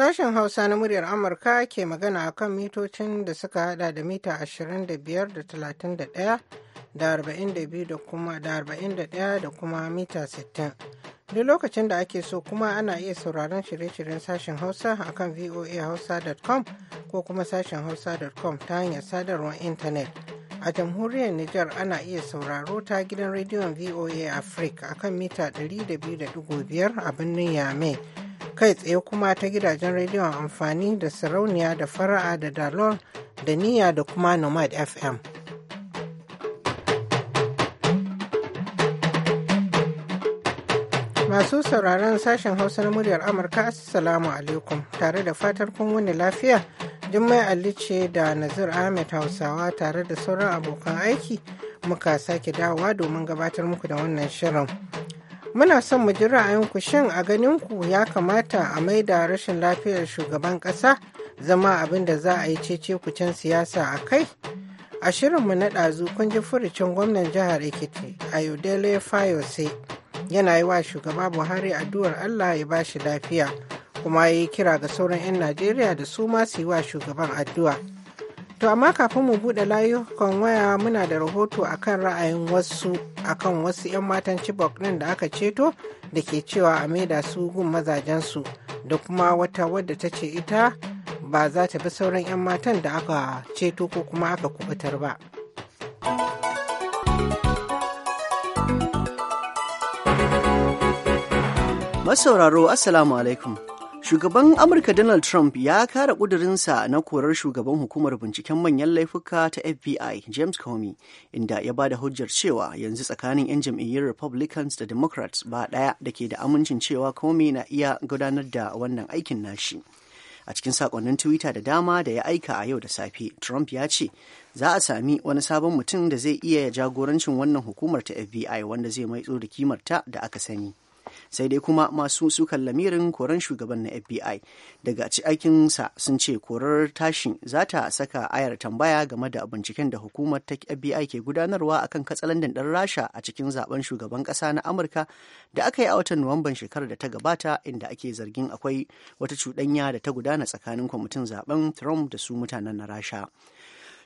Sashen Hausa na muryar Amurka ke magana a kan mitocin da suka hada da mita 25 da 31 da 42 da kuma da 41 da kuma mita 60. Duk lokacin da ake so kuma ana iya sauraron shirye-shiryen sashen Hausa a kan voahausa.com ko kuma sashen Hausa.com ta hanyar sadarwar intanet. A jamhuriyar Nijar ana iya sauraro ta gidan rediyon VOA Africa a kan mita 200.5 a birnin Yamai. kai tsaye kuma ta gidajen rediyon amfani da sarauniya da fara'a da dalon da niyya da kuma nomad fm masu sauraron sashen hausa na muryar amurka assalamu alaikum tare da fatar kun wani lafiya jummai ali ce da nazir ahmed hausawa tare da sauran abokan aiki muka sake dawowa domin gabatar muku da wannan shirin muna son mu ji ra'ayinku shin a ganin ku ya kamata a mai da rashin lafiyar shugaban ƙasa zama abin da za a yi cece kucin siyasa a kai a shirinmu na ɗazu kun ji furucin gwamnan jihar ekiti a ayodele fayose yana yi wa shugaba buhari addu'ar allah ya bashi lafiya kuma ya yi kira ga sauran 'yan najeriya da su ma su yi wa shugaban addu'a To amma kafin mu buɗe layukan waya muna da rahoto akan ra'ayin wasu akan wasu 'yan matan Chibok ɗin da aka ceto da ke cewa a maida su gun mazajensu da kuma wata wadda ta ce ita ba za ta bi sauran 'yan matan da aka ceto ko kuma aka kubutar ba. Masauraro, Assalamu alaikum. Shugaban Amurka Donald Trump ya kara ƙudurinsa na korar shugaban hukumar binciken manyan laifuka ta FBI James Comey inda ya ba da hujjar cewa yanzu tsakanin 'yan jam'iyyar Republicans da Democrats ba ɗaya da ke da amincin cewa Comey na iya gudanar da wannan aikin nashi. a cikin sakonnin twitter da dama da ya aika a yau da safe trump ya ce za a sami wani sabon mutum da zai iya jagorancin wannan hukumar ta fbi wanda zai maitso da kimarta da aka sani sai dai kuma masu sukan lamirin koran shugaban na fbi daga ci sa sun ce korar tashi za ta saka ayar tambaya game da binciken da hukumar ta fbi ke gudanarwa akan katsalandan ɗan rasha a cikin zaben shugaban ƙasa na amurka da aka yi a watan nuwamban shekarar da ta gabata inda ake zargin akwai wata cuɗanya da ta gudana tsakanin kwamitin zaben trump da su mutanen na rasha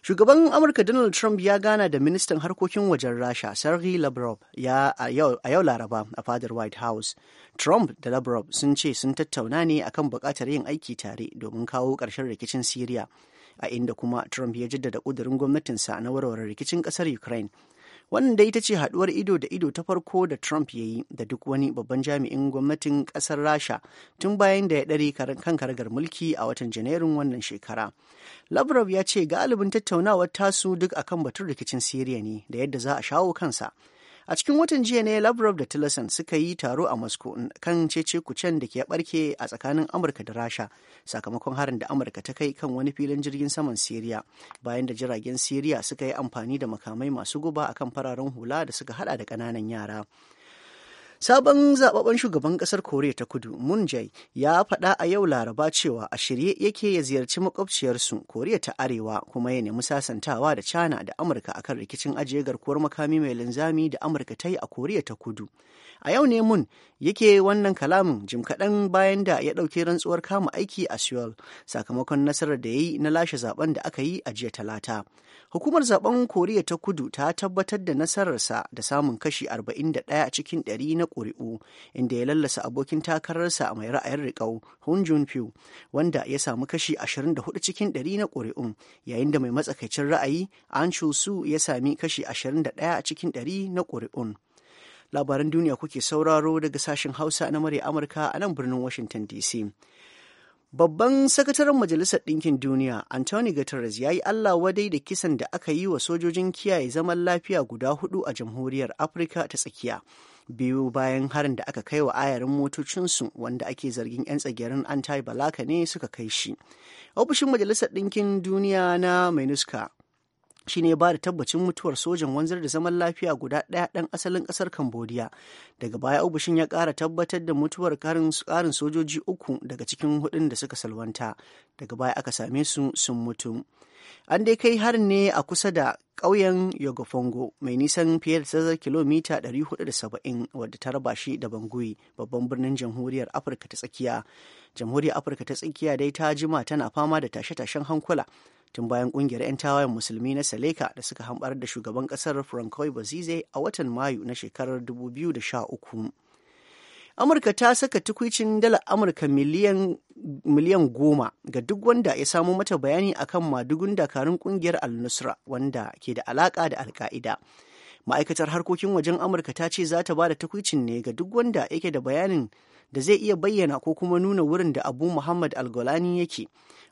Shugaban Amurka Donald Trump ya gana da ministan harkokin wajen Rasha Sergei Lavrov ya a yau Laraba a fadar White House. Trump da Lavrov sun ce sun tattauna ne akan buƙatar yin aiki tare domin kawo ƙarshen rikicin Siriya. A inda kuma Trump ya jaddada ƙudurin gwamnatinsa na warware rikicin ƙasar Ukraine Wannan da ita ce haɗuwar ido da ido ta farko da Trump ya yi da duk wani babban jami'in gwamnatin ƙasar Rasha tun bayan da ya ɗari kan karagar mulki a watan Janairun wannan shekara. Lavrov ya ce galibin tattaunawar tasu duk akan batun rikicin Siriya ne da yadda za a shawo kansa. A cikin watan jiya ne Lavrov da Tillerson suka yi taro a Moscow kan cece kucen da ke barke a tsakanin Amurka da Rasha sakamakon harin da Amurka ta kai kan wani filin jirgin saman Siriya bayan da jiragen Siriya suka yi amfani da makamai masu guba akan fararen hula da suka hada da ƙananan yara. Sabon zababben shugaban ƙasar Koriya ta Kudu Moon Jae ya faɗa a yau Laraba cewa a shirye yake ya ziyarci makwabciyarsu Koriya ta Arewa kuma ya nemi sasantawa da China da Amurka akan rikicin ajiye garkuwar makami mai linzami da Amurka ta yi a Koriya ta Kudu. A yau ne Moon yake wannan kalamin jim kaɗan bayan da ya ɗauki rantsuwar kama aiki a Seoul sakamakon nasarar da ya yi na lashe zaben da aka yi a jiya Talata. Hukumar zaɓen Koriya ta Kudu ta tabbatar da nasararsa da samun kashi 41 cikin 100 na ƙuri'u inda ya lallasa abokin takararsa mai ra'ayin riƙau Hun Junpyu wanda ya samu kashi 24 cikin 100 na kuri'un yayin da mai matsakaicin ra'ayi An Su ya sami kashi 21 cikin 100 na ƙuri'un. Labaran duniya kuke sauraro daga sashen Hausa na Mare Amurka a nan birnin Washington DC. Babban sakataren Majalisar Ɗinkin Duniya, Anthony Guterres, ya yi Allah wadai da kisan da aka yi wa sojojin kiyaye zaman lafiya guda hudu a Jamhuriyar Afirka ta Tsakiya. biyu bayan harin da aka kai wa ayarin motocinsu wanda ake zargin 'yan tsagerin anti balaka ne suka kai shi ofishin majalisar ɗinkin duniya na minuska shine ya ba da tabbacin mutuwar sojan wanzar da zaman lafiya guda ɗaya ɗan asalin ƙasar cambodia daga baya ofishin ya ƙara tabbatar da mutuwar ƙarin sojoji uku daga cikin hudun da suka salwanta daga baya aka same su sun mutu an dai kai harin ne a kusa da ƙauyen yogofongo mai nisan fiye da tazar kilomita 470 wadda ta raba shi da bangui babban birnin jamhuriyar afirka ta tsakiya jamhuriyar afirka ta tsakiya dai ta jima tana fama da tashe-tashen hankula tun bayan kungiyar 'yan tawayen musulmi na Seleka da suka hambar da shugaban kasar Francois bazize a watan Mayu na shekarar 2013. Amurka ta saka tukwicin dala Amurka miliyan goma ga duk wanda ya samo mata bayani a akan madugun dakarun kungiyar Al-Nusra wanda ke da alaka da alka'ida. Ma'aikatar harkokin wajen Amurka ta ce za ta ba da tukwicin ne ga duk wanda yake da bayanin da zai iya bayyana ko kuma nuna wurin da abu muhammad algolani yake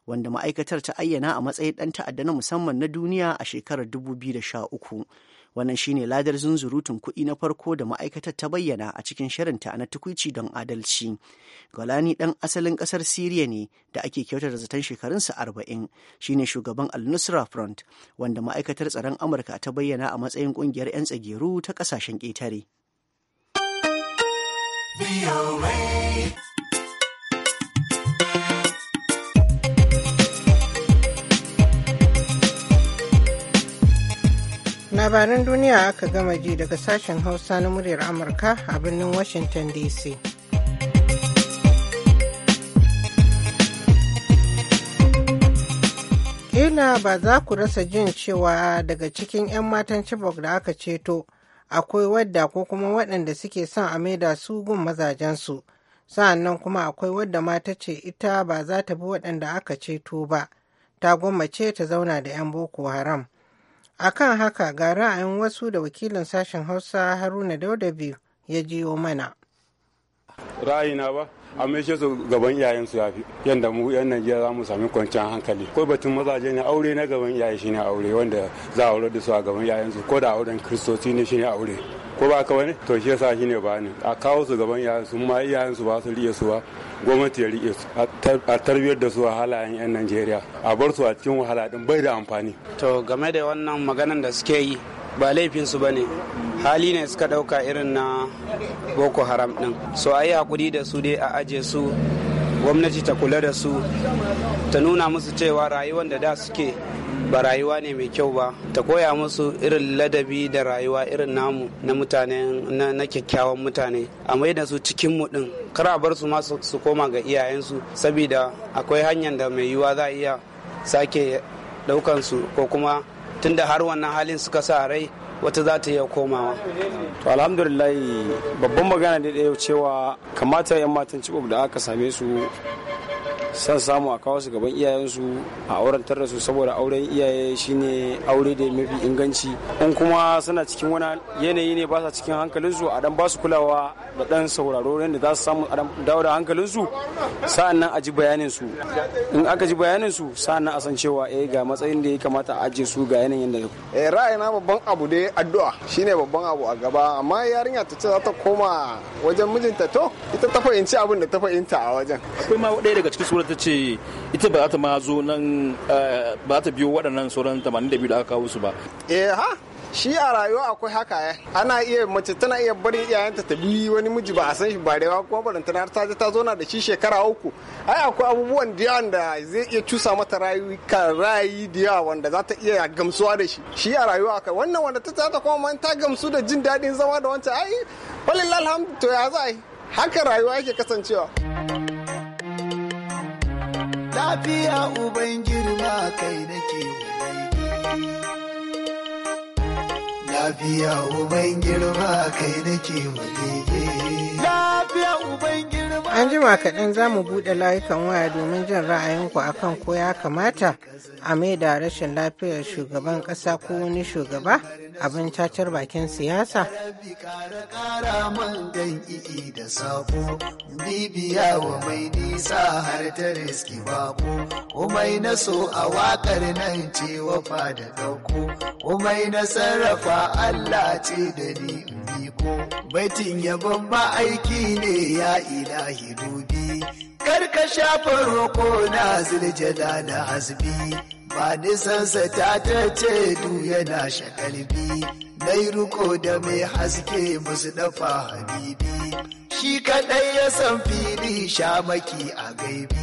wanda ma'aikatar ta ayyana a matsayin ɗan ta'adda na musamman na duniya a shekarar 2013 wannan shine ladar zunzurutun kuɗi na farko da ma'aikatar ta bayyana a cikin shirinta na tukwici don adalci golani ɗan asalin ƙasar siriya ne da ake kyautata zaton shekarunsa arba'in shine shugaban al-nusra front wanda ma'aikatar tsaron amurka ta bayyana a matsayin ƙungiyar 'yan tsageru ta ƙasashen ƙetare labaran duniya aka gama ji daga sashen hausa na muryar amurka a birnin washington dc kila ba za ku rasa jin cewa daga cikin 'yan matan chibok da aka ceto akwai wadda ko kuma waɗanda suke son a maida su gun mazajensu sa'annan kuma akwai wadda mata ce ita ba za ta bi waɗanda aka ceto ba ta gwammace ta zauna da 'yan boko haram A kan haka ga ra'ayin wasu da wakilin sashen hausa haruna daudabi ya jiyo mana ra'ayina ba a shi su gaban iyayen su yafi yanda mu yan Najeriya za mu sami kwanciyar hankali ko batun mazaje ne aure na gaban iyaye shine aure wanda za a aure da su a gaban iyayen su ko da auren kristoci ne shine aure ko ba ka wani to shi yasa shine ba ne a kawo su gaban iyayen su ma iyayen su ba su riƙe su ba gwamnati ya riƙe su a tarbiyyar da su a halayen yan Najeriya a bar su a cikin wahala din bai da amfani to game da wannan maganan da suke yi ba laifinsu ba ne hali ne suka ɗauka irin na boko haram ɗin so a yi hakuri da su dai a aje su gwamnati ta kula da su ta nuna musu cewa rayuwar da da suke ba rayuwa ne mai kyau ba ta koya musu irin ladabi da rayuwa irin namu na mutane na, kyakkyawan mutane a mai da su cikin mu din kar a bar su masu su koma ga iyayensu saboda akwai hanyar da mai yiwuwa za a iya sake daukansu su ko kuma tunda har wannan halin suka sa rai wata za ta iya komawa. To alhamdulillah babban magana da yau cewa kamata 'yan matan cibob da aka same su san samu a kawo su gaban iyayensu a aurantar da su saboda auren iyaye shine aure da mafi inganci in kuma suna cikin wani yanayi ne ba sa cikin hankalinsu a dan ba su kulawa da dan sauraro yadda za su samu a dawo da hankalinsu sa'an nan a ji bayanin su in aka ji bayanin su sa'an nan a san cewa eh ga matsayin da ya kamata a ajiye su ga yanayin da eh ra'ayina babban abu dai addu'a shine babban abu a gaba amma yarinya ta ce za ta koma wajen mijinta to ita ta fahimci abin da ta fahimta a wajen akwai ma ɗaya daga cikin gwamnati ta ce ita ba za ta ma zo nan eh, ba ta biyo waɗannan sauran 82 da aka kawo su ba eh ha shi a rayuwa akwai haka ya eh. ana iya mace tana iya barin iyayenta ta bi wani miji ba a san shi ba da kuma barin tana ta ta zo na da shi shekara uku ai akwai abubuwan da da zai iya cusa mata ka rayi da yawa wanda za ta iya gamsuwa da shi shi a rayuwa akai wannan wanda ta ta kuma ta gamsu da jin daɗin zama da wancan ai walilal hamdu to ya za haka rayuwa yake kasancewa. lafiya uban girma kai nake lafiya uban girma kai nake lafiya uban girma An jima kaɗan za mu buɗe layukan waya domin jin ra'ayinku akan ko ya kamata a mai da rashin lafiyar shugaban ƙasa ko wani shugaba abin cacar bakin siyasa. Bibiya na sarrafa Allah ce da ni ko baitin yabon ba aiki ne ya ilahi dubi karka shafa roko na ziljada da hasbi ba nisansa ta ta ce du yana shakalbi mai ruko da mai haske musu dafa habibi shi kaɗai ya san fili shamaki a gaibi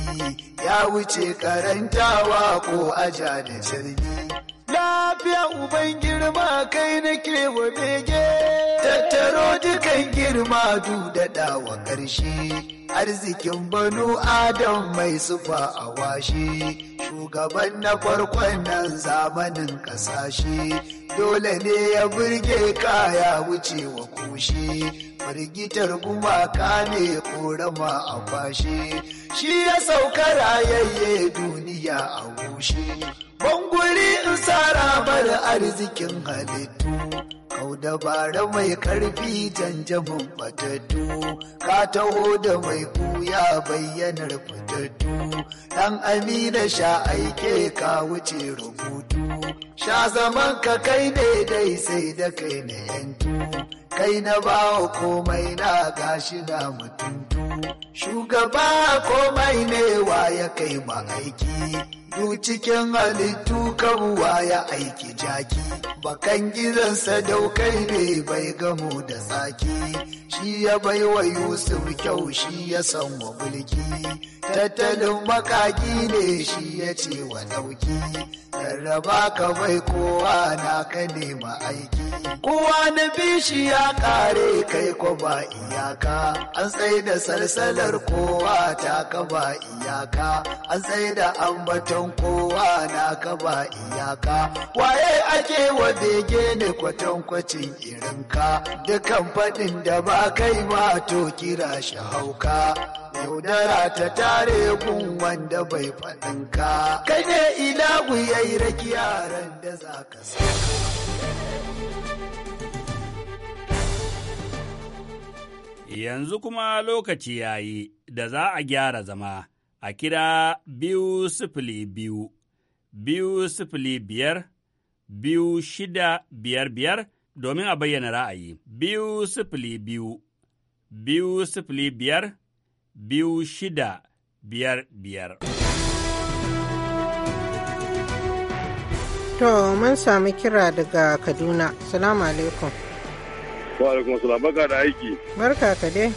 ya wuce karantawa ko aja da jirgi lafiya uban girma kai nake wa bege tattaro dukan girma dudada wa ƙarshe arzikin banu adam mai sufa a washe shugaban na farkon nan zamanin ƙasashe dole ne ya burge kaya wuce wa kushe firgitar gumaka ne korama a fashe shi ya sauka rayayye duniya a gushe wuri in bar arzikin halittu kau dabara mai karfi janjamin fatattu ka taho da mai kuya bayyanar fatattu dan amina sha aike ka wuce rubutu sha zaman ka kai dai sai da kai na yantu kai na bawa komai na gashi na mutuntu shugaba komai ne wa ya kai ma aiki Ku cikin halittu kabuwa ya aiki jaki bakan gidansa daukai ne bai gamo da tsaki shi ya baiwa yusuf kyau shi ya san wa mulki tattalin makaki ne shi ya ce wa nauki rarraba ka bai kowa na ka nema aiki kowa na bishi ya kare kai ko ba iyaka an tsaye da salsalar kowa ta ka ba iyaka an tsaye da ambaton kowa na ka ba iyaka waye ake wa bege ne kwatankwacin irinka dukan faɗin da ba kai ma to kira shi hauka yaudara ta tare kun wanda bai faɗin ka kai ne ilahu yi raki yaran da za ka Yanzu kuma lokaci ya yi da za a gyara zama a kira biyu sifili biyu, biyu sifili biyar, biyu shida biyar biyar domin a bayyana ra'ayi. Biyu sifili biyu, biyu sifili biyar, biyu shida biyar biyar. To mun sami kira daga Kaduna. Salamu alaikum. Wa alaikum salam barka da aiki. Barka ka dai.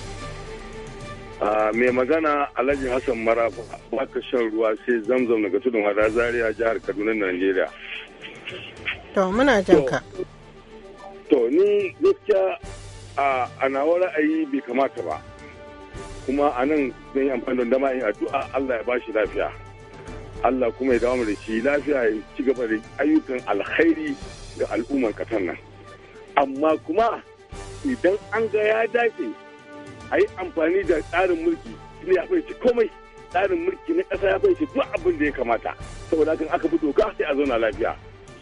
mai magana Alhaji Hassan Marafa baka shan ruwa sai zamzam daga tudun hada zaria jihar Kaduna Najeriya. To muna jan ka. To ni gaskiya a nawa ra'ayi bai kamata ba. kuma a nan zan yi amfani da dama in addu'a Allah ya bashi lafiya Allah kuma ya dawo da shi lafiya ya ci gaba da ayyukan alkhairi ga al'ummar katan nan amma kuma idan an ga ya dace a yi amfani da tsarin mulki ne ya fahimci komai tsarin mulki na ƙasa ya fahimci duk abin da ya kamata saboda kan aka fi doka sai a zauna lafiya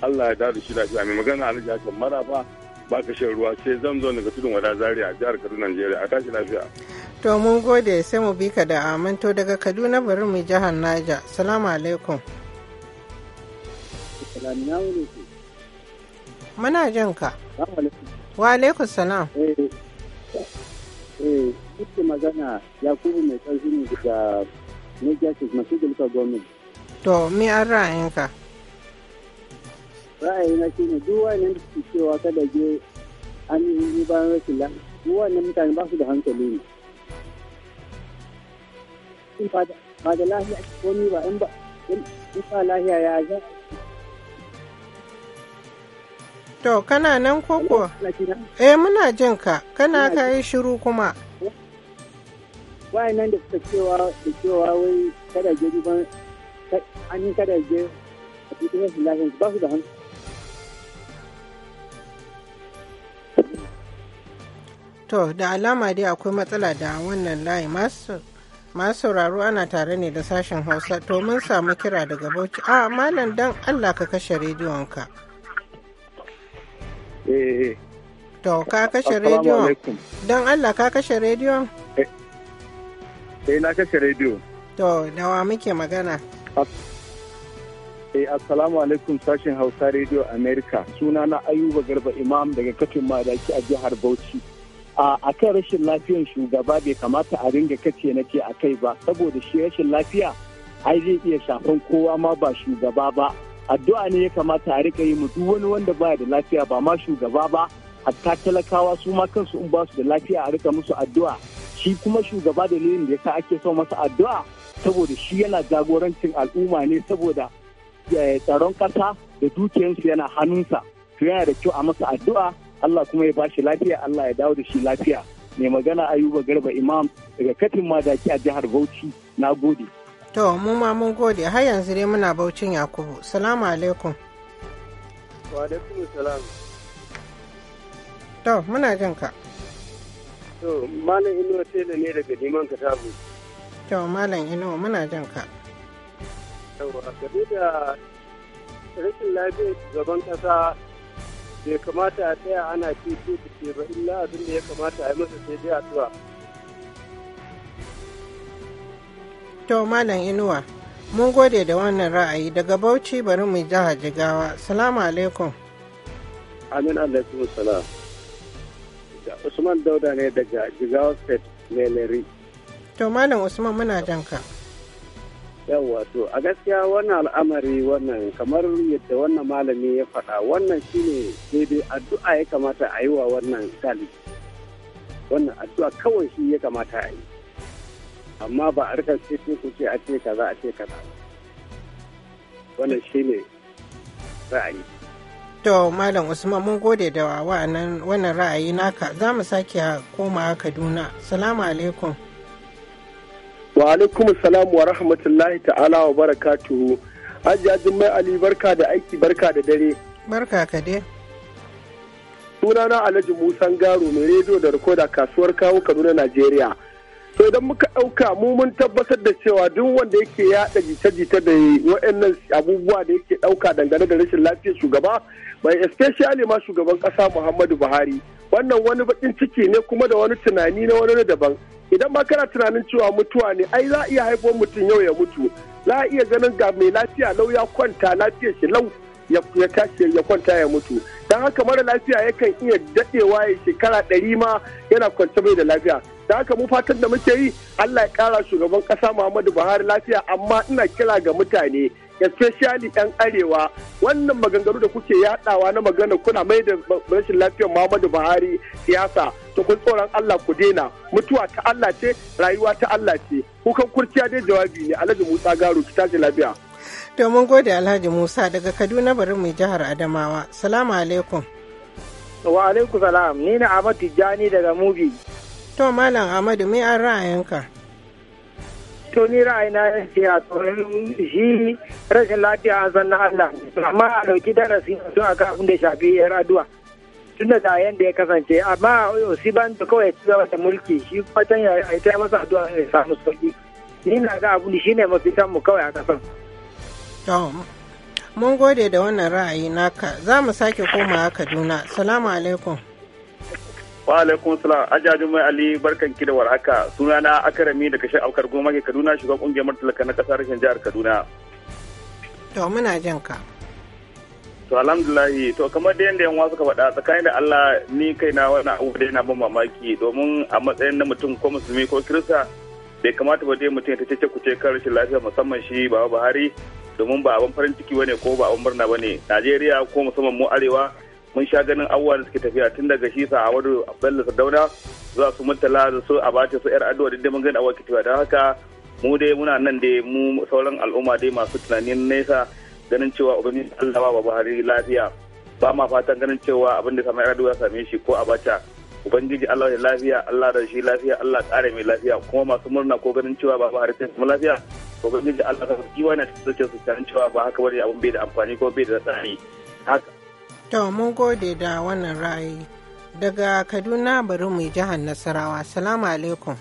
Allah ya dawo da shi lafiya mai magana alhaji hakan maraba ba ka shan ruwa sai zo daga tudun wada zaria jihar kaduna nigeria a tashi lafiya to mun gode sai mu bi ka da aminto daga kaduna bari mu jihar naija salamu alaikum muna jin ka wa alaikum salam eh, eh magana yakubu mai tsarki ne daga nigeria masu gwamnati to mi an ra'ayinka ra'ayina shi ne duk wannan da suke cewa kada je an yi bayan rashin la duk wannan mutane ba su da hankali ne ba da lahiya komi ba in ba in ba lahiya ya za To kana nan koko? Eh muna jin ka, kana ka yi shiru kuma. nan da suka cewa da cewa wai kada je duban an kada je a cikin rashin lafiya ba su da hankali. to da alama dai akwai matsala da wannan layi masu sauraro ana tare ne da sashen hausa to mun samu kira daga bauchi a ah, malam dan allah ka kashe rediyonka eh, eh. to ka kashe rediyon don allah ka kashe rediyon eh, eh na kashe rediyo to dawa muke magana Eh, assalamu alaikum sashen Hausa Radio America. Suna na Ayuba Garba Imam daga katin madaki a jihar Bauchi. a kan rashin lafiyan shugaba bai kamata a ringa kace na ce a kai ba saboda shi rashin lafiya ai zai iya shafan kowa ma ba shugaba ba addu'a ne ya kamata a rika yi mu duk wani wanda baya da lafiya ba ma shugaba ba hatta talakawa su ma kansu in ba su da lafiya a rika musu addu'a shi kuma shugaba da ne da yasa ake son masa addu'a saboda shi yana jagorancin al'umma ne saboda eh, tsaron ƙasa da dukiyarsu yana hannunsa to yana da kyau a masa addu'a Allah kuma ya bashi lafiya Allah ya dawo da shi lafiya mai magana Ayuba Garba Imam daga Katin Madaki a jihar Bauchi na gode to mu ma mun gode har yanzu dai muna Baucin Yakubu salamu alaikum wa alaikum salam to muna jin ka to malam Inuwa Tela ne daga Liman Katabu to malam Inuwa muna jin ka yawa game da rashin lafiya gaban kasa bai kamata a tsaya ana ce ce ce ba illa abin da ya kamata a yi masa sai dai addu'a. To Malam Inuwa, mun gode da wannan ra'ayi daga Bauchi bari mu jihar Jigawa. Salamu alaikum. Amin alaikum salam. Usman Dauda ne daga Jigawa State Meleri. To Malam Usman muna janka. ka. yawwa to a gaskiya wannan al'amari wannan kamar yadda wannan malami ya faɗa wannan shine daidai addu'a ya kamata a yi wa wannan talibi wannan addu'a kawai shi ya kamata a yi amma ba a rikar sai ku ce a ce kaza a ce kaza wannan shine ra'ayi To Malam Usman mun gode da wa'annan wannan ra'ayi naka za mu sake koma Kaduna. Salamu alaikum. wa alaikum salam wa rahmatullahi ta'ala wa barakatuhu hajjajin mai ali barka da aiki barka da dare barka ka dai sunana alhaji musan garo mai rediyo da rikoda kasuwar kawo kaduna najeriya to idan muka ɗauka mu mun tabbatar da cewa duk wanda yake yaɗa jita-jita da waɗannan abubuwa da yake ɗauka dangane da rashin lafiyar shugaba mai especially ma shugaban ƙasa muhammadu buhari wannan wani bakin ciki ne kuma da wani tunani na wani daban idan ma kana tunanin cewa mutuwa ne ai za a iya haifo mutum yau ya mutu za a iya ganin ga mai lafiya lau ya kwanta lafiyar shi lau ya tashi ya kwanta ya mutu don haka mara lafiya yakan iya dadewa ya shekara ɗari ma yana kwance mai da lafiya Don haka mu fatan da muke yi Allah ya kara shugaban kasa Muhammadu Buhari lafiya amma ina kira ga mutane especially yan arewa wannan maganganu da kuke yaɗawa na magana kuna mai da rashin lafiyar Muhammadu Buhari siyasa to kun tsoron Allah ku daina mutuwa ta Allah ce rayuwa ta Allah ce kukan kurciya dai jawabi ne Alhaji Musa Garo ki tashi lafiya domin gode Alhaji Musa daga Kaduna bari mu jihar Adamawa salamu alaikum wa alaikum salam ni ne Ahmad Tijjani daga Mubi to malam Ahmadu me an ra'ayinka to ni ra'ayina yan siya shi rashin lafiya an san na Allah amma a ɗauki darasi su a kafin da shafi yar aduwa tunda da yadda ya kasance amma Osiban da kawai ci gaba da mulki shi fatan ya yi ta masa aduwa ya samu sauki ni na ga abu shi ne mafitan mu kawai a kasan. Mun gode da wannan ra'ayi naka za mu sake komawa Kaduna. Salamu alaikum. wa alaikum salam ajajin mai ali barkan ki da warhaka na akarami da shi aukar goma ke kaduna shugaban kungiyar martalaka na kasar rashin jihar kaduna to muna jin ka to alhamdulillah to kamar da yanda yan wasu ka faɗa tsakanin da Allah ni kai na wani abu da yana ban mamaki domin a matsayin na mutum ko musulmi ko kirista bai kamata ba dai mutum ya tace kuce kan rashin lafiya musamman shi baba Buhari domin ba abin farin ciki bane ko ba abin murna bane Najeriya ko musamman mu arewa mun sha ganin abubuwa da suke tafiya tun daga shi sa Ahmadu Bello Sardauna zuwa su mutala da su a bace su yar addu'a duk mun gani abubuwa ke tafiya don haka mu dai muna nan dai mu sauran al'umma dai masu tunanin nesa ganin cewa ubangiji Allah ba Buhari lafiya ba ma fatan ganin cewa abin da samu yar Adwa same shi ko a bace ubangiji Allah ya lafiya Allah da shi lafiya Allah kare mai lafiya kuma masu murna ko ganin cewa ba Buhari sai mu lafiya ubangiji Allah ka kiwa na cikin su cewa ba haka bane abin bai da amfani ko bai da tsari haka To mun gode da wannan ra'ayi. Daga Kaduna bari mu jihar Nasarawa. Salamu alaikum.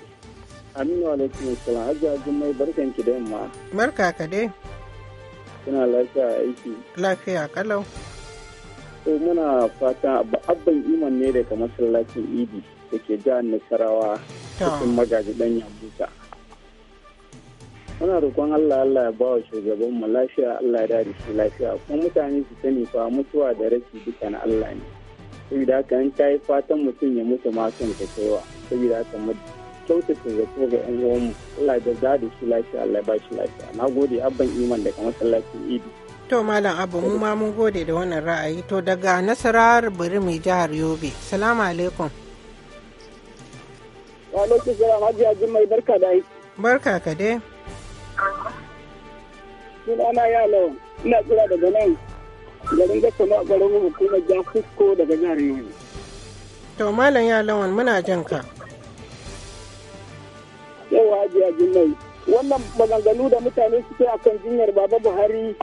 Aminu alaikum salam. Hajji Jummai barkan ki da yamma. Barka ka dai. Kuna lafiya aiki. Lafiya kalau. To muna fata abban iman ne daga masallacin Idi da ke jihar Nasarawa cikin magaji dan muna roƙon Allah Allah ya bawa shugaban mu lafiya Allah ya dare shi lafiya kuma mutane su sani fa mutuwa da rashi duka na Allah ne saboda haka in ta yi fatan mutum ya mutu ma son ta kaiwa saboda haka mu kyautata ko ga yan uwan mu Allah ya da da shi lafiya Allah ya ba shi lafiya na gode abban iman daga masallacin idi to malam abu mu ma mun gode da wannan ra'ayi to daga nasarar bari jihar yobe salamu alaikum wa alaikum salam a jummai barka da aiki barka ka dai Sunana ya lau, ina kira daga nan garin gasa ma garin hukumar jan fusko daga jihar Yobe. To Malam ya lawan muna jan ka. Yau, Hajiya Jummai, wannan maganganu da mutane suke a kan jinyar Baba Buhari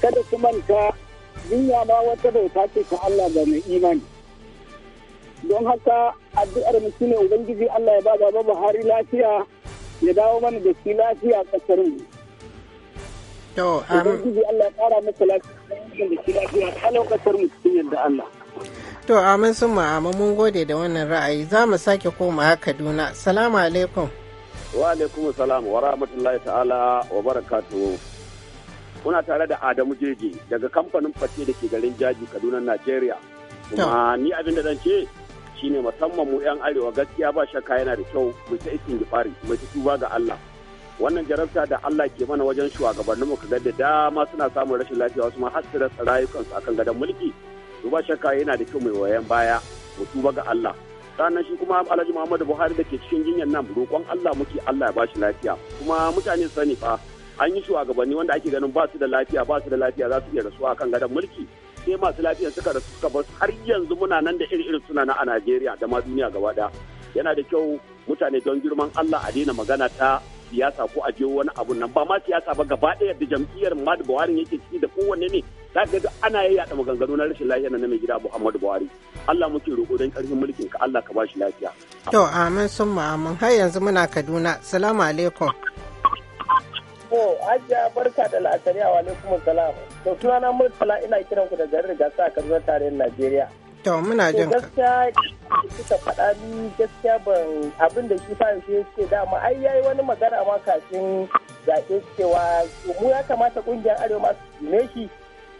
kada su manta jinya ma wata bauta ce ta Allah da mai imani. Don haka addu'ar mu shine Ubangiji Allah ya ba Baba Buhari lafiya ya dawo mana da shi lafiya a ƙasar mu. To, um, amin. Allah ya ƙara masa lafiya da shi lafiya a ƙasar mu cikin yadda Allah. To, amin sun ma'ama mun gode da wannan ra'ayi za mu sake koma Kaduna. Salamu alaikum. Wa alaikum salam wa rahmatullahi ta'ala wa barakatuhu. Kuna tare da Adamu Jeje daga kamfanin fate da ke garin Jaji Kaduna, Najeriya. Kuma ni abin da zan ce ne musamman mu 'yan arewa gaskiya ba shakka yana da kyau mu ta isin gifari mu ta tuba ga Allah wannan jarabta da Allah ke mana wajen shugabannin mu kaga da dama suna samun rashin lafiya wasu ma har su rasa rayukansu akan gadon mulki to ba shakka yana da kyau mai wayan baya mu tuba ga Allah sannan shi kuma Alhaji Muhammadu Buhari da ke cikin jinyar nan roƙon Allah muke Allah ya bashi lafiya kuma mutane sani fa an yi shugabanni wanda ake ganin ba su da lafiya ba su da lafiya za su iya rasuwa akan gadon mulki sai masu lafiya suka rasu suka bar har yanzu muna nan da iri irin suna na a Najeriya da ma duniya gaba daya yana da kyau mutane don girman Allah a daina magana ta siyasa ko a je wani abu nan ba ma siyasa ba gaba ɗaya da jam'iyyar Muhammadu Buhari yake ciki da kowanne ne za ka ga ana yaɗa maganganu na rashin lafiya na mai gida Muhammadu Buhari Allah muke roƙo don ƙarfin mulkin ka Allah ka ba shi lafiya to amin sun mu amin har yanzu muna Kaduna salamu alaikum To, Hajiya barka da la'asari a alaikum salam. To, sunana Murtala ina kiran ku da garin Rigasa a Kaduna tarihin Najeriya. To, muna jin ka. Gaskiya kika faɗa ni gaskiya ban abin da shi fahimci ya ce dama ai yayi wani magana ma kafin zaɓe cewa mu ya kamata ƙungiyar Arewa masu ne shi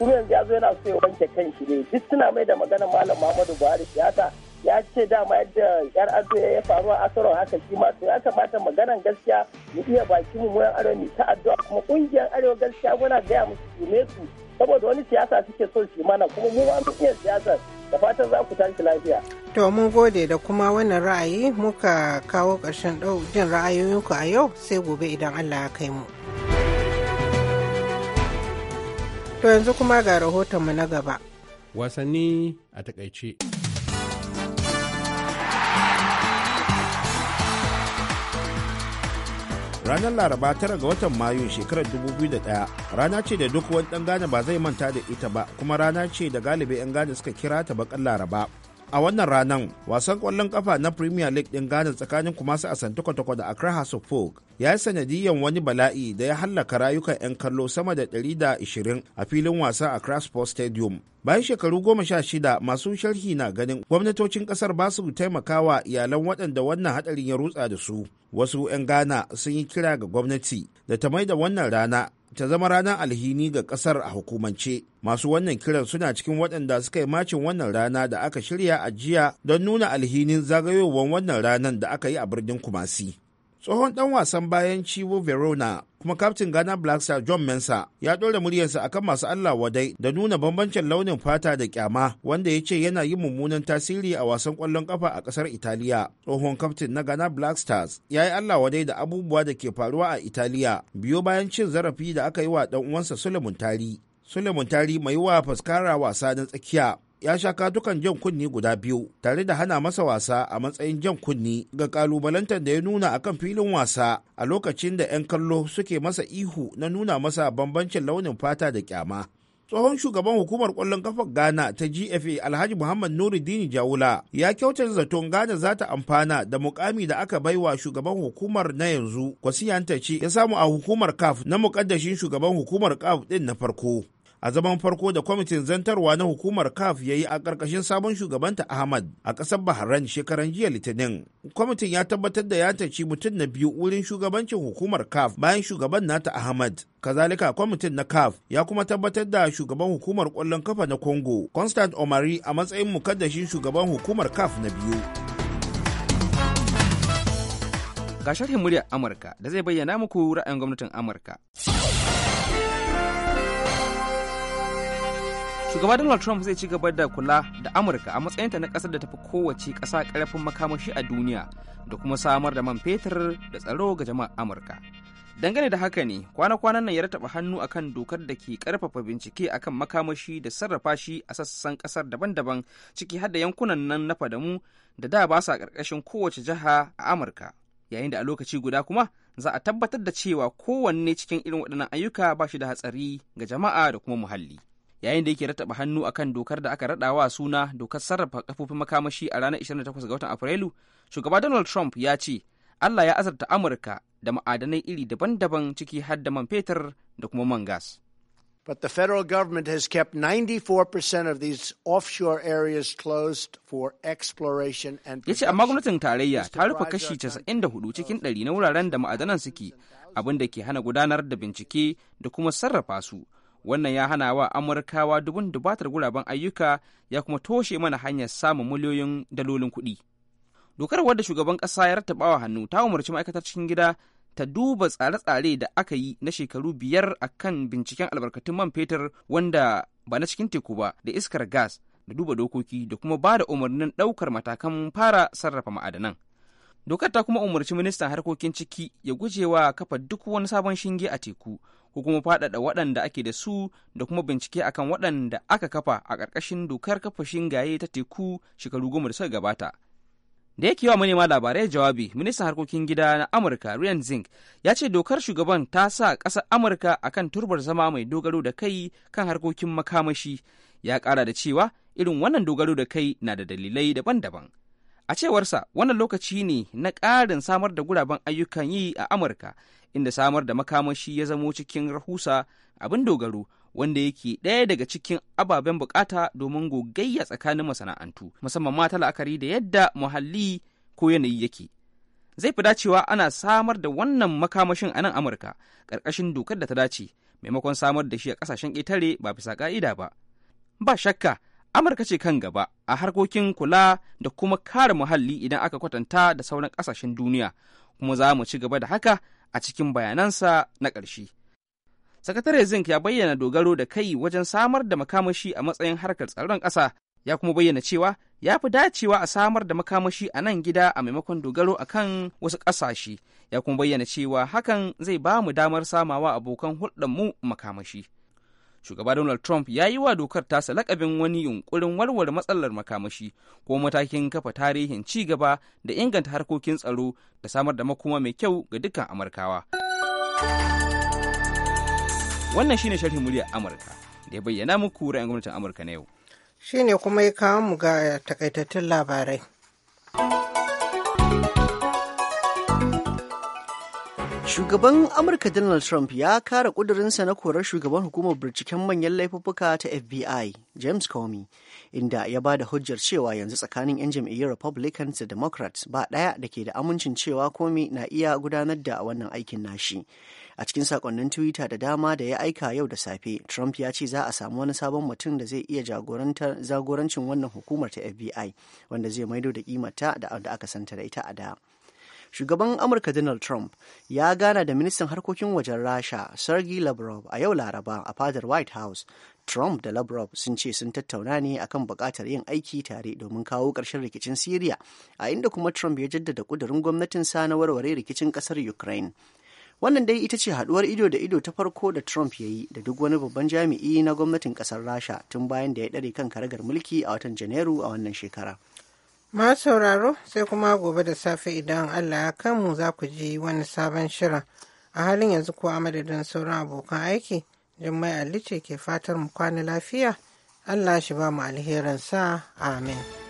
kuma yanzu ya zo yana so ya wanke kan shi ne duk suna mai da maganar Malam Muhammadu Buhari siyasa. ya ce dama yadda yar ado ya faru a asaro haka shi ma to ya kamata maganan gaskiya mu iya baki mu muyan arewa mu ta addu'a kuma kungiyar arewa gaskiya muna gaya musu su su saboda wani siyasa suke so shi mana kuma mu ma mun iya siyasa da fatan za ku tashi lafiya. To mun gode da kuma wannan ra'ayi muka kawo ƙarshen jin ra'ayoyinku a yau sai gobe idan Allah ya kai mu. To yanzu kuma ga rahotonmu na gaba. Wasanni a takaice. ranar laraba tara ga watan mayu shekarar 2001 rana ce da duk wani dan gane ba zai manta da ita ba kuma rana ce da galibi 'yan gane suka kira ta bakan laraba a wannan ranar wasan kwallon kafa na premier league din ghana tsakanin kumasi asante kwatakwa da accra house of folk ya yi sanadiyan wani bala'i da ya hallaka rayukan 'yan kallo sama da 120 a filin wasa a accra Sports Stadium. Bayan shekaru goma sha shida masu sharhi na ganin gwamnatocin kasar ba su taimakawa iyalan waɗanda wannan hadarin ya rutsa da su. Wasu 'yan Ghana sun yi kira ga gwamnati da ta mai da wannan rana ta zama ranar alhini ga kasar a hukumance masu wannan kiran suna cikin waɗanda suka yi macin wannan rana da aka shirya a jiya don nuna alhinin zagayowar wannan ranar da aka yi a birnin kumasi tsohon dan wasan bayan ciwo verona kuma kaftin ghana star john mensa ya ɗora muryarsa akan masu allah wadai da nuna bambancin launin fata da kyama wanda ya ce yana yin mummunan tasiri a wasan ƙwallon ƙafa a ƙasar italiya tsohon kaftin na ghana stars ya yi allah wadai da abubuwa da ke faruwa a italiya biyo bayan cin zarafi da aka yi wa ɗan uwansa sulemun tari sulemun tari mai wa faskara wasa na tsakiya ya sha katukan jan kunni guda biyu tare da hana masa wasa a matsayin jan kunni ga kalubalantar da ya nuna a kan filin wasa a lokacin da 'yan kallo suke masa ihu na nuna masa bambancin launin fata da kyama. tsohon shugaban hukumar kwallon kafar ghana ta gfa alhaji muhammad Dini jawula ya kyautar zaton ghana za ta amfana da mukami da aka baiwa shugaban hukumar na yanzu kwasiyanta ce ya samu a hukumar caf na mukaddashin shugaban hukumar caf din na farko a zaman farko da kwamitin zantarwa na hukumar caf ya yi a ƙarƙashin sabon shugabanta ahmad a ƙasar bahrain shekaran jiya litinin kwamitin ya tabbatar da ya taci mutum na biyu wurin shugabancin hukumar caf bayan shugaban nata ahmad kazalika kwamitin na caf ya kuma tabbatar da shugaban hukumar ƙwallon kafa na congo constant omari a matsayin mukaddashin shugaban hukumar caf na biyu ga sharhin muryar amurka da zai bayyana muku ra'ayin gwamnatin amurka shugaba donald trump zai ci gaba da kula da amurka a matsayinta na kasar da tafi kowace kasa karfin makamashi a duniya da kuma samar da man fetur da tsaro ga jama'a amurka dangane da haka ne kwana-kwanan nan ya rataba hannu akan dokar da ke karfafa bincike akan makamashi da sarrafa shi a sassan kasar daban-daban ciki har da yankunan nan na fadamu da da ba sa karkashin kowace jiha a amurka yayin da a lokaci guda kuma za a tabbatar da cewa kowanne cikin irin waɗannan ayyuka ba shi da hatsari ga jama'a da kuma muhalli yayin da yake rataba hannu akan dokar da aka raɗa wa suna dokar sarrafa kafofin makamashi a ranar 28 ga watan Afrilu, shugaba Donald Trump ya ce Allah ya azarta Amurka da ma'adanai iri daban-daban ciki har da man fetur da kuma man gas. But the federal government has kept 94% of these offshore areas closed for exploration and Ya ce amma gwamnatin tarayya ta rufe kashi 94 cikin 100 na wuraren da ma'adanan suke, abinda ke hana gudanar da bincike da kuma sarrafa su. wannan ya hana wa amurkawa dubun dubatar guraben ayyuka ya kuma toshe mana hanyar samun miliyoyin dalolin kuɗi dokar wadda shugaban ƙasa ya rattabawa hannu ta umarci ma'aikatar cikin gida ta duba tsare-tsare da aka yi na shekaru biyar a kan binciken albarkatun man fetur wanda ba na cikin teku ba da iskar gas da duba dokoki da kuma ba da umarnin ɗaukar matakan fara sarrafa ma'adanan dokar ta kuma umarci ministan harkokin ciki ya gujewa kafa duk wani sabon shinge a teku ko kuma faɗaɗa waɗanda ake da su da kuma bincike akan waɗanda aka kafa a ƙarƙashin dokar kafa shingaye ta teku shekaru goma da suka gabata. Da yake wa manema labarai jawabi, ministan harkokin gida na Amurka Ryan Zink ya ce dokar shugaban ta sa ƙasar Amurka akan turbar zama mai dogaro da kai kan harkokin makamashi. Ya ƙara da cewa irin wannan dogaro da kai na da dalilai daban-daban. A cewarsa, wannan lokaci ne na ƙarin samar da guraben ayyukan yi a Amurka inda samar da makamashi ya zamo cikin rahusa abin dogaro wanda yake ɗaya daga cikin ababen bukata domin gogayya tsakanin masana'antu musamman mata la'akari da yadda muhalli ko yanayi yake zai fi dacewa ana samar da wannan makamashin a nan amurka ƙarƙashin dokar da ta dace maimakon samar da shi a ƙasashen ƙetare ba bisa ƙa'ida ba ba shakka amurka ce kan gaba a harkokin kula da kuma kare muhalli idan aka kwatanta da sauran ƙasashen duniya kuma za mu ci gaba da haka a cikin bayanansa na ƙarshe. Sakatare Zink ya bayyana dogaro da kai wajen samar da makamashi a matsayin harkar tsaron ƙasa, ya kuma bayyana cewa ya fi dacewa a samar da makamashi a nan gida a maimakon dogaro a kan wasu ƙasashe, ya kuma bayyana cewa hakan zai ba mu damar samawa abokan hulɗarmu makamashi. shugaba donald trump ya yi wa dokar tasa lakabin wani yunkurin warware matsalar makamashi ko matakin kafa tarihin ci gaba da inganta harkokin tsaro da samar da makoma mai kyau ga dukkan amurkawa wannan shine sharhin muryar amurka da ya bayyana muku ra'ayin gwamnatin amurka na yau shine kuma ya kawo mu ga takaitattun labarai Shugaban Amurka Donald Trump ya kara ƙudurinsa na korar shugaban hukumar binciken manyan laifuffuka ta FBI, James Comey, inda ya ba da hujjar cewa yanzu tsakanin 'yan jam'iyyar Republicans da Democrats ba ɗaya da ke da amincin cewa Comey na iya gudanar da wannan aikin nashi. A cikin sakonnin Twitter da dama da ya aika yau da safe, Trump ya ce za a samu wani sabon mutum da zai iya jagorancin wannan hukumar ta FBI, wanda zai maido da kimata da aka santa da ita a da. shugaban amurka donald trump ya gana da ministan harkokin wajen rasha sergey lavrov a yau laraba a fadar white house Trump da Lavrov sun ce sun tattauna ne akan bukatar yin aiki tare domin kawo ƙarshen rikicin syria a inda kuma Trump ya jaddada ƙudurin gwamnatinsa na warware rikicin ƙasar Ukraine. Wannan dai ita ce haɗuwar ido da ido ta farko da Trump ya yi da duk wani babban jami'i na gwamnatin ƙasar Rasha tun bayan da ya ɗare kan karagar mulki a watan Janairu a wannan shekara. Ma sauraro sai kuma gobe da safe idan Allah ya kanmu za ku ji wani sabon shirin. A halin yanzu kuwa madadin sauran abokan aiki, Jummai Ali ce ke fatar mu kwana lafiya. Allah shi ba mu sa Amin.